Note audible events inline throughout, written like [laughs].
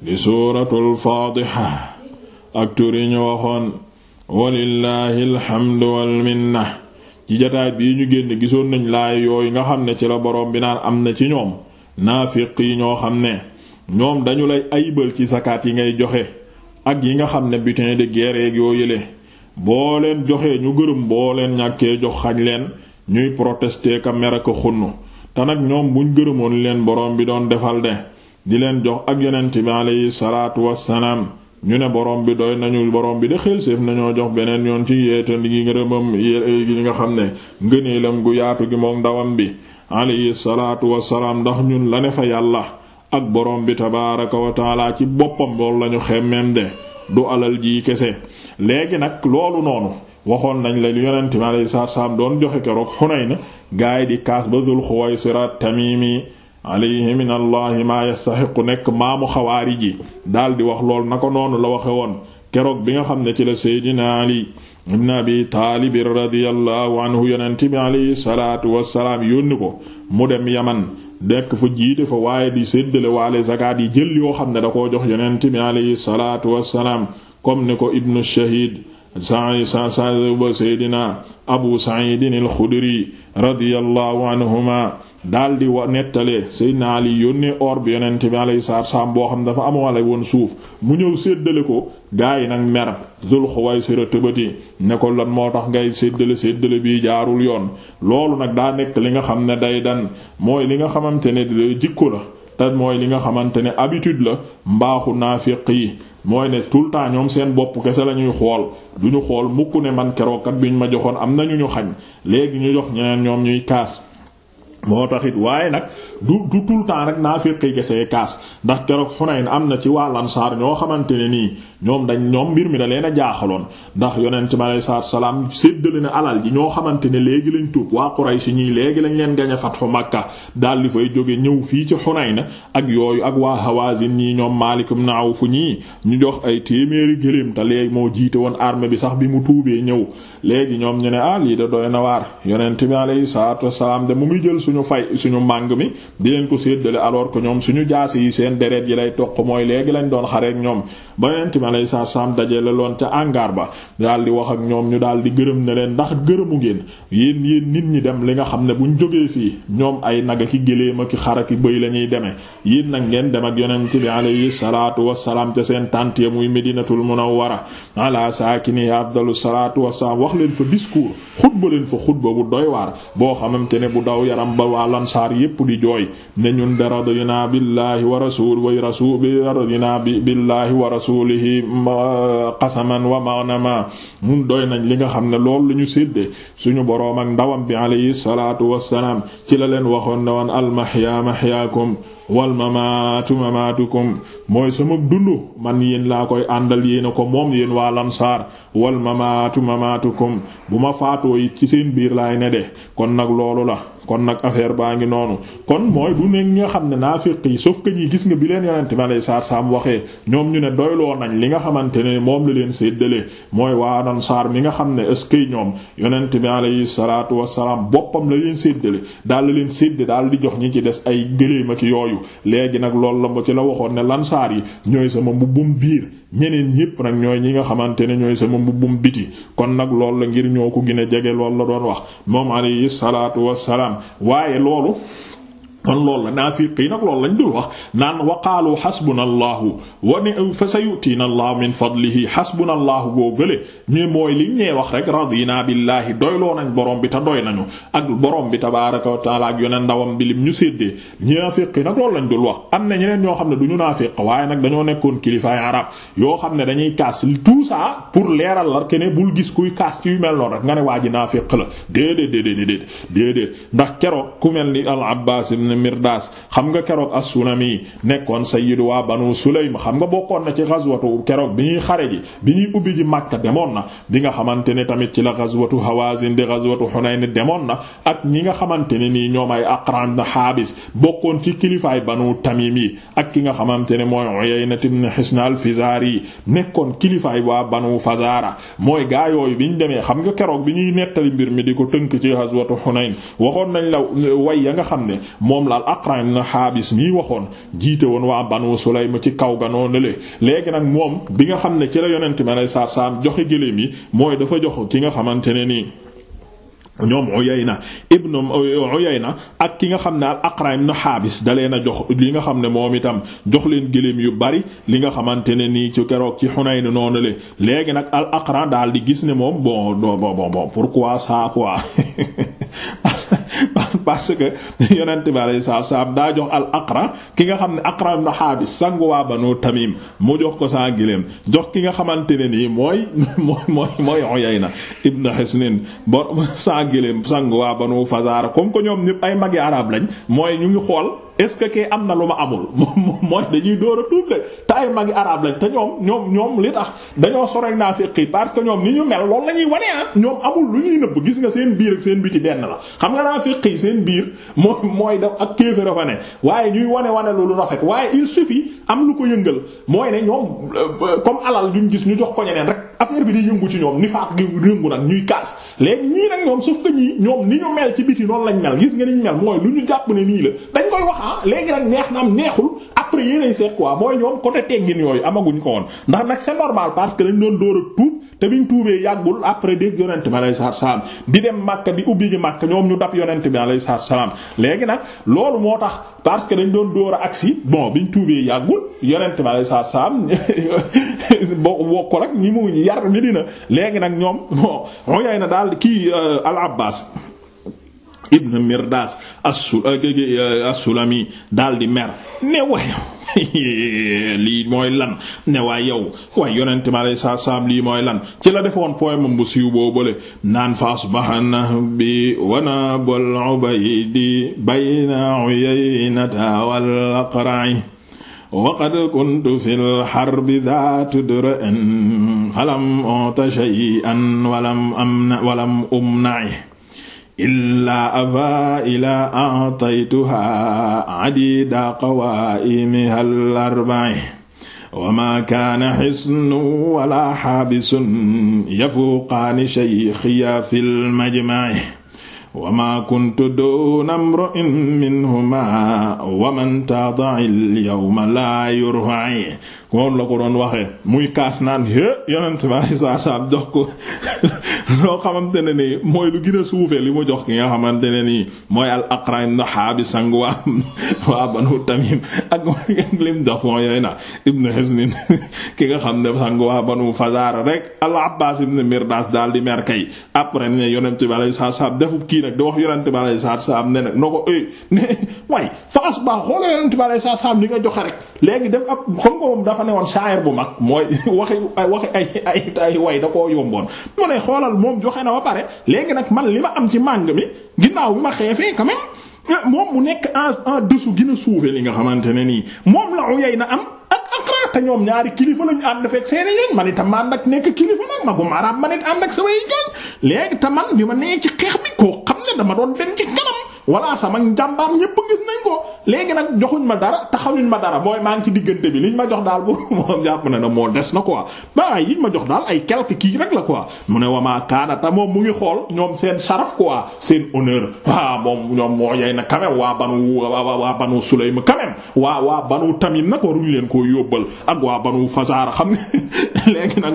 di suuratul faadiha ak turi ñu waxoon walillahi alhamdu wal minna bii ñu génn gisoon nañ laay yooyu nga xam ne ci la boroom bi naan am na ci ñoom naafiq yi ñoo xam ne ñoom dañu lay ayibal ci sakaat yi ngay joxe ak yi nga xam ne butin de guerre yoo yële boo leen joxee ñu gërëm boo leen ñàkkee jox xaj leen ñuy protester ka mer ak xunn te nag ñoom buñ gërëmoon leen boroom bi doon defal de di leen jox ak yonent bi aleyhi salaatu wassalaam ñu ne borom bi doy nañu borom bi de xel séef nañoo jox beneen yoon ci yeetal gi ngërëmam yi nga xam ne ngëneelam gu yaatu gi moom ndawam bi aleyhi salaatu wassalaam ndax ñun la ne fa yàlla ak borom bi tabaaraka wa taala ci boppam loolu lañu xemmem de du alal ji kese léegi nag loolu noonu waxoon nañ la yonent bi aleyhi salaatu wassalaam doon joxe keroog Xunayn gaay di kaas ba Dul Xuwaysira Tamimi alayhi min allahi maa yastaxiqu nekk maamu xawaarij yi daldi wax lool na ko noonu la waxe woon keroog bi nga xam ne ci la seydina ali ibn abi taalib radiyallahu anhu yonent bi alayhi salaatu wassalaam ko mu dem yaman dekk fa jiite fa waaye di séddale waale zakaat yi jël yoo xam ne da koo jox yonent bi alayhi salaatu wassalaam comme ni ko ibnu shahid sa seydina abu sa'idin al-xudri radiyallahu anhuma daal di wa nettalee Seydina Ali yónnee or bi yonent bi alayhi salaatu salaam boo xam dafa amawale woon suuf mu ñëw séddale ko gaa yi nag mer Zul Xuwaysira tëbati ne ko lan moo tax ngay séddale séddale bi jaarul yoon loolu nag daa nekk li nga xam ne day dan mooy li nga xamante ne di jikko la te mooy li nga xamante ne habitude la mbaaxu naafiq yi mooy ne tout le temps ñoom seen bopp kese la ñuy xool du ñu xool mukk ne man kerookat bi ñu ma joxoon am na ñu ñu xañ léegi ñu jox ñeneen ñoom ñuy kaas. moo taxit waaye nag du du tout le temps rek naa féqi gesee kaas ndax keroog Hunayn am na ci waa Ansaar ñoo xamante ne nii ñoom dañ ñoom mbir mi da leen a jaaxaloon ndax yonent bi alayhi salaatu salaam séddale na alal ji ñoo xamante ne léegi lañ tuub waa Quraysh ñii léegi lañ leen gañ a fatxu Makka daal di fay jóge ñëw fii ci Hunayna ak yooyu ak waa Hawazin ñii ñoom Maalik ibn fu ñii ñu jox ay téeméeri gëléem te léegi moo jiite woon arme bi sax bi mu tuubee ñëw léegi ñoom ñu ne ah lii da doy na waar yonent bi alayhi salaatu wassalaam de mu muy jël suñu fay suñu màng mi di leen ko séddale alors que ñoom suñu jaasi yi seen deret yi lay toq mooy léegi lañ doon xareek ñoom alayhi salaam dajale loon ca angaar ba daal di wax ak ñoom ñu daal di gërëm ne leen ndax gërëmu ngeen yéen yéen nit ñi dem li nga xam ne buñ jógee fii ñoom ay naga ki géléem ak xara ki bëy la ñuy demee yéen nag ngeen dem ak yonent bi alayhi salaatu wasalaam ca seen tànt ya muy Medinatul Munawwara ala saakini afdalu salaatu wasalaam wax leen fa discours xutba leen fa xutba bu doy waar boo xamante ne bu daw yaram ba waa lansaar yépp di jooy ne ñun de radina billahi wa rasul way rasul bi radina billahi wa rasulihi di qasaman wa maghnama mun doy nañ li nga xam ne loolu la ñu séddee suñu boroom ak ndawam bi alayhi salaatu wassalaam ci la leen waxoon ne woon al mahya mahyaakum wal mamaatu mamaatukum mooy sama dundu man yéen laa koy àndal yéen ko moom yéen waa lansaar wal mamaatu mamaatukum bu ma faatoo it ci seen biir laay ne de kon nag loolu la kon nag affaire baa ngi noonu kon mooy du ne nga xam ne naa naafiq yi sauf que ñi gis nga bi leen yonente ma lay saar saam waxee ñoom ñu ne doyloo nañ li nga xamante ne moom la leen séddale mooy waa lansaar mi nga xam ne est-ce que ñoom yonente bi alayhi salaatu wassalaam boppam la leen séddale daal la leen sédd daal di jox ñi ci des ay gëléem ak yooyu léegi nag loolu la ci la ansaar yi ñooy sama mbubbum biir ñeneen ñépp nag ñooy ñi nga xamante ne ñooy sama mbubbum biti kon nag loolu la ngir ñoo ko gën a jege lool la doon wax moom alayhi salaatu salaam waaye loolu kon loolu la naafiqi nag loolu lañ dul wax naan waqaalu xasbuna allahu wa ne fa sayutiina allahu min fadlihi xasbuna allahu boo gële ne mooy liñ ñee wax rek radina billaahi doyloo nañ borom bi te doy nañu ak borom bi tabaaraka wa taala ak yoneen ndawam bi lim ñu séddee naafiqi nag loolu lañ dul wax am na ñeneen ñoo xam ne du ñu naafiq waaye nag dañoo nekkoon kilifaay arab yoo xam ne dañuy kaas tout ça pour leeral la kene bul gis kuy kaas ci yu mel noonu rek nga ne waa ji naafiq ndax keroog ku mel ni al Abbaas ibn Mirdaas xam nga keroog as-Sulami nekkoon sayyidu waa Banu Sulaym xam nga bokkoon na ci ghazwatu keroog bi ñuy xare ji bi ñuy ubbi ji Makka demoon na bi nga xamante ne tamit ci la ghazwatu Hawazin di ghazwatu Hunayn demoon na ak ñi nga xamante ne nii ñoom ay Aqran na Habis bokkoon ci kilifaay Banu Tamim yi ak ki nga xamante ne mooy Uyayna ibn Hisn al-Fizari nekkoon kilifaay waa Banu Fazara mooy gaa yooyu bi ñu demee xam nga keroog bi ñuy nettali mbir mi di ko tënk ci ghazwatu Hunayn moom laal Aqra ibn Haabis mii waxoon jiite woon waa Banu Sulaym ci kaw ga noonu le léegi nag moom bi nga xam ne ci la yonent ma lay saar saam joxe gëléem yi mooy dafa jox ki nga xamante ne nii ñoom Uyayna ibn Uyayna ak ki nga xam ne al Aqra ibn Habis da leen a jox li nga xam ne moom itam jox leen gëléem yu bari li nga xamante ne nii ci keroog ci Hunayn noonu le léegi nag al Aqra daal di gis ne moom bon bon bon pourquoi ça quoi [laughs] parce que [laughs] yonent bi alayhi salaam daa jox al aqra ki nga xam ne aqra ibn Haabis sangu waa Banu Tamim mu jox ko saa gileem jox ki nga xamante ne nii mooy [laughs] mooy mooy mooy Uyayna ibn Hisnin bor saa [laughs] gileem sangu waa Banu Fazaara comme que ñoom ñëpp ay magi arab lañ mooy ñu ngi xool. est-ce que kay am na lu ma amul [laughs] mooy dañuy door a tuub de te ay magi arab lañ te ñoom ñoom ñoom li tax dañoo sore naa féqi parce que ñoom ni ñu mel ñuy wane ah ñoom amul lu ñuy seen biir ak seen biti benn la xam nga naa seen biir mooy mooy daf ak waaye ñuy wane wane lu rafet waaye il am lu ko yëngal mooy ne ñoom euh, comme alal duñ gis ñu jox ko ñeneen rek affaire bi di yëngu ci ñoom nifaaq gi yëngu nag ñuy kaas léegi ñii nag ñoom biti noonu lañ mel gis nga niñ mel mooy lu ñu jàpp ne nii la dañ koy wax ah léegi nag neex na am neexul après yéenay seet quoi mooy ñoom côté teggin yooyu amaguñ ko woon ndax nag c'est normal parce que dañ doon door a tuub te biñ tuubee yàggul après dégg yonent bi alayhi salaatu salaam di dem Makka di ubbi ji Makka ñoom ñu dab yonent bi alayhi salaatu salaam nag loolu moo tax parce que dañ doon door a agsi bon biñ tuubee yàggul yonent bi alayhi salaatu salaam [laughs] boo wokk rek ñi mu yar Medina léegi nag ñoom bon on yaay na daal kii euh, Al Abbas ibn mirdas euh, euh, as-sulami daal di mer ne waaye [laughs] lii mooy lan ne waay yow waay yonente mi alay saat salaam lii mooy lan ci la defoon poème bu siiw boobale naan fa asbaha nahbi wa nabul ubaydi bayna uyaynata wal aqra'i waqad kuntu fi lxarbi daatu dra'in falam uta shay'an walam amna walam umna'i illaa ava ilaa ataytuha adida qawaa'imiha al-arba'i wa ma kaana xisnu wala xaabisun yafuuqaani shaykhiya fil majma'i wa ma kuntu duuna imri'in minhumaa wa man taada'i al-yawma laa yurfa'i noonu la ko doon waxee muy kaas naan é yonent bi saa saa [laughs] ne nii mooy lu gën a suufee li mu jox nga xamante ne nii mooy al Aqra' ibn Haabis sang waa [laughs] waa Banu Tamim [laughs] na ki nga xam ne sang waa Banu Fazaara rek al Abbaas ibn Mirdaas daal di kay après ne yonent bi saa saa defu kii nag di wax yonent bi saa saa ne nag noo ko eh, way fa asbaa xoolal yonent bi saa saa li nga joxe rek léegi def ab xam nga moom dafa newoon shaayir bu mag mooy [laughs] waxi waxi ay ay ay way da koo yomboon mu ne xoolal moom joxe na ba pare léegi nag man li ma am ci màng mi ginnaaw bi ma xeefee quand ah, nekk en en dessous gën a suufee xamante ne nii moom la am ak Aqra te ñoom ñaari kilifa lañu ànd fekk seeni yoon man itam ma ànd ak nekk kilifa nag magum arab ma nekk ànd ak samay yoon léegi te man bi ma nee ci xeex bi koo xam ne dama doon dem ci kanam. walla sama njàmbaar ñépp gis nañ ko léegi nag joxuñ ma dara taxawuñ ma dara mooy maa ngi ci diggante bi liñ ma jox daal bu [laughs] moom na moo des na quoi ba ma jox daal ay quelque kii rek la quoi mu ne wamaa kaanata moom mu xool ñoom seen saraf quoi seen honneur waa moom ñoom moo yey na quand même waa banu waa banu Sulaym quand waa waa banu Tamim nag waruñ leen koo yóbbal ak waa banu Fazaar xam ne [laughs] léegi nag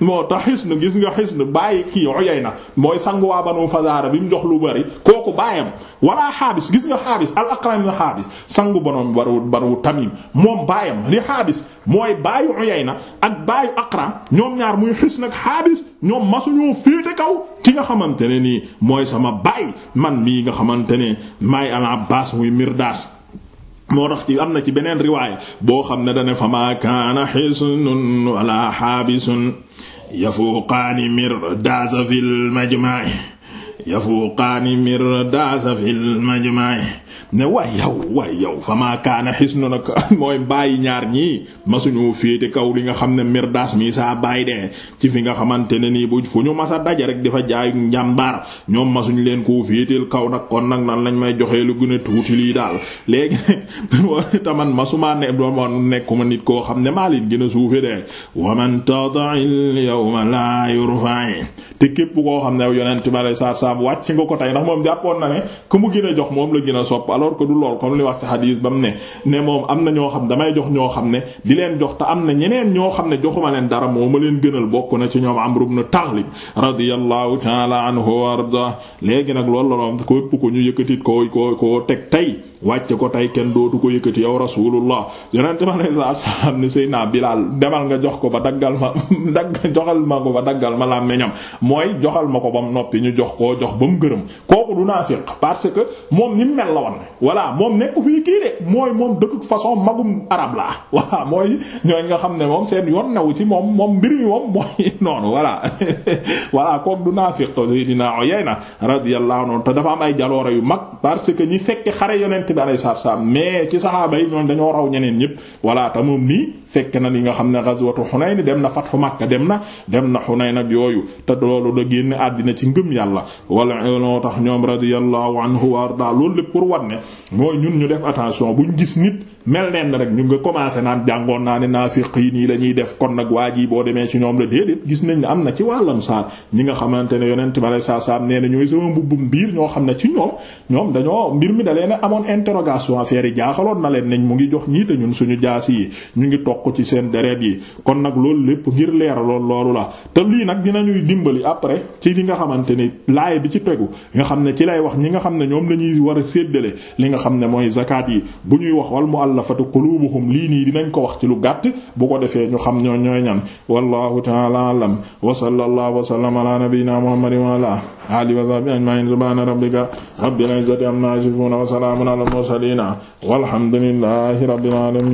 moo tax xis na gis nga xis na bàyyi kii na mooy sangu waa banu Fazaar bi mu jox lu bari kooku bàyyi yam wala xaabis gis nga xaabis al aqram ibn xaabis sangu bonoom baru tamim moom baayam li xaabis mooy baayu uyayna ak baayu aqram ñoom ñaar muy xis nag xaabis ñoom masuñoo féete kaw ki nga xamante ne nii mooy sama baay man mii nga xamante ne maay al abbas muy mirdas moo tax ci am na ci beneen riwaaya boo xam ne dane fa ma kaana xisnun wala xaabisun yafuqaani mirdas fil majmaa yafuqaani mirdaasa fil majmaa ne waay yow waay yow famaa kaana xisnu nag [laughs] mooy bàyyi ñaar ñii masuñu féete kaw li nga xam ne mirdaas mi saa bàyyi de ci fi nga xamante ne nii bu fu ñu masa daje rek dafa jaay njàmbaar ñoom masuñ leen koo féeteel kaw nag kon nag nan lañ may joxee lu gën a tuuti lii daal léegi nag [laughs] taman masumaa ne nekk ma nit koo xam ne maa leen gën a suufe de waman tada'il yawma la yurfa'i te képp koo xam ne yonent ma lay saar saam wàcc nga ko tey ndax moom jàppoon na ne ku mu gën jox moom la gën sopp alors que du lool comme li wax ci xadiis ba mu ne ne moom am na ñoo xam damay jox ñoo xam ne di leen jox te am na ñeneen ñoo xam ne joxuma leen dara moo ma leen gënal bokk na ci ñoom Amru ibn Taghlib radiyallahu ta'ala anhu warda léegi nag loolu la doon képp ko ñu yëkkatit ko ko ko teg tey wàcce ko tey kenn dootu ko yëkkati yow rasulullah yonent ma lay sa salaam ni sëy Bilaal demal nga jox ko ba daggal ma [laughs] dagg joxal ma ko ba daggal ma laam meñam mooy joxal ma ko ba mu noppi ñu jox koo jox ba mu gërëm kooku du naafiq parce que moom ni mu mel la woon voilà moom nekku fii kii de mooy moom de toute façon magum arab la [laughs] voilà mooy ñooy nga xam ne moom seen yoon newu ci moom moom mbir mi moom mooy [laughs] noonu voilà voilà kooku du naafiq Seydina Uyayna radiyallahu anhu te dafa am ay jaloore yu mag bi alayhi salaam mais ci saxaaba yi ñoom dañoo raw ñeneen ñëpp voilà te nii fekk na li nga xam ne ghazwatu Hunayn dem na fathu Makka dem na dem na Hunayn ak yooyu te loolu da génn àddina ci ngëm yàlla wala loo tax ñoom radiyallahu anhu wa arda loolu lépp pour wan ne mooy ñun ñu def attention buñ gis nit mel neen rek ñu nga commencé naan jàngoon naa ne naafiq yi nii la ñuy def kon nag waa ji boo demee ci ñoom la déedéet gis nañ ne am na ci wàllam saar ñi nga xamante ne yonent ma lay saa nee na ñooy sama mbubbum biir ñoo xam ne ci ñoom ñoom dañoo mbir mi da leen amoon interrogation affaire jaaxaloon na leen nañ mu ngi jox ñii te ñun suñu jaas yi ñu ngi ci seen deret yi kon nag loolu lépp ngir leeraloon loolu la te lii nag dinañuy dimbali après ci li nga xamante ni laay bi ci tegu nga xam ne ci lay wax ñi nga xam ne ñoom la ñuy war a séddale li nga xam ne mooy zakat yi bu ñuy wax wal muallafatu qulubuhum lii nii dinañ ko wax ci lu gàtt bu ko defee ñu xam ñoo ñooy ñan wallahu ta'ala a'lam wa sallallahu wa sallama ala nabiyyina muhammadin wa ala alihi wa sahbihi ajma'in subhana rabbika rabbil izzati amma yasifun wa salamun ala al mursalin walhamdulillahi rabbil alamin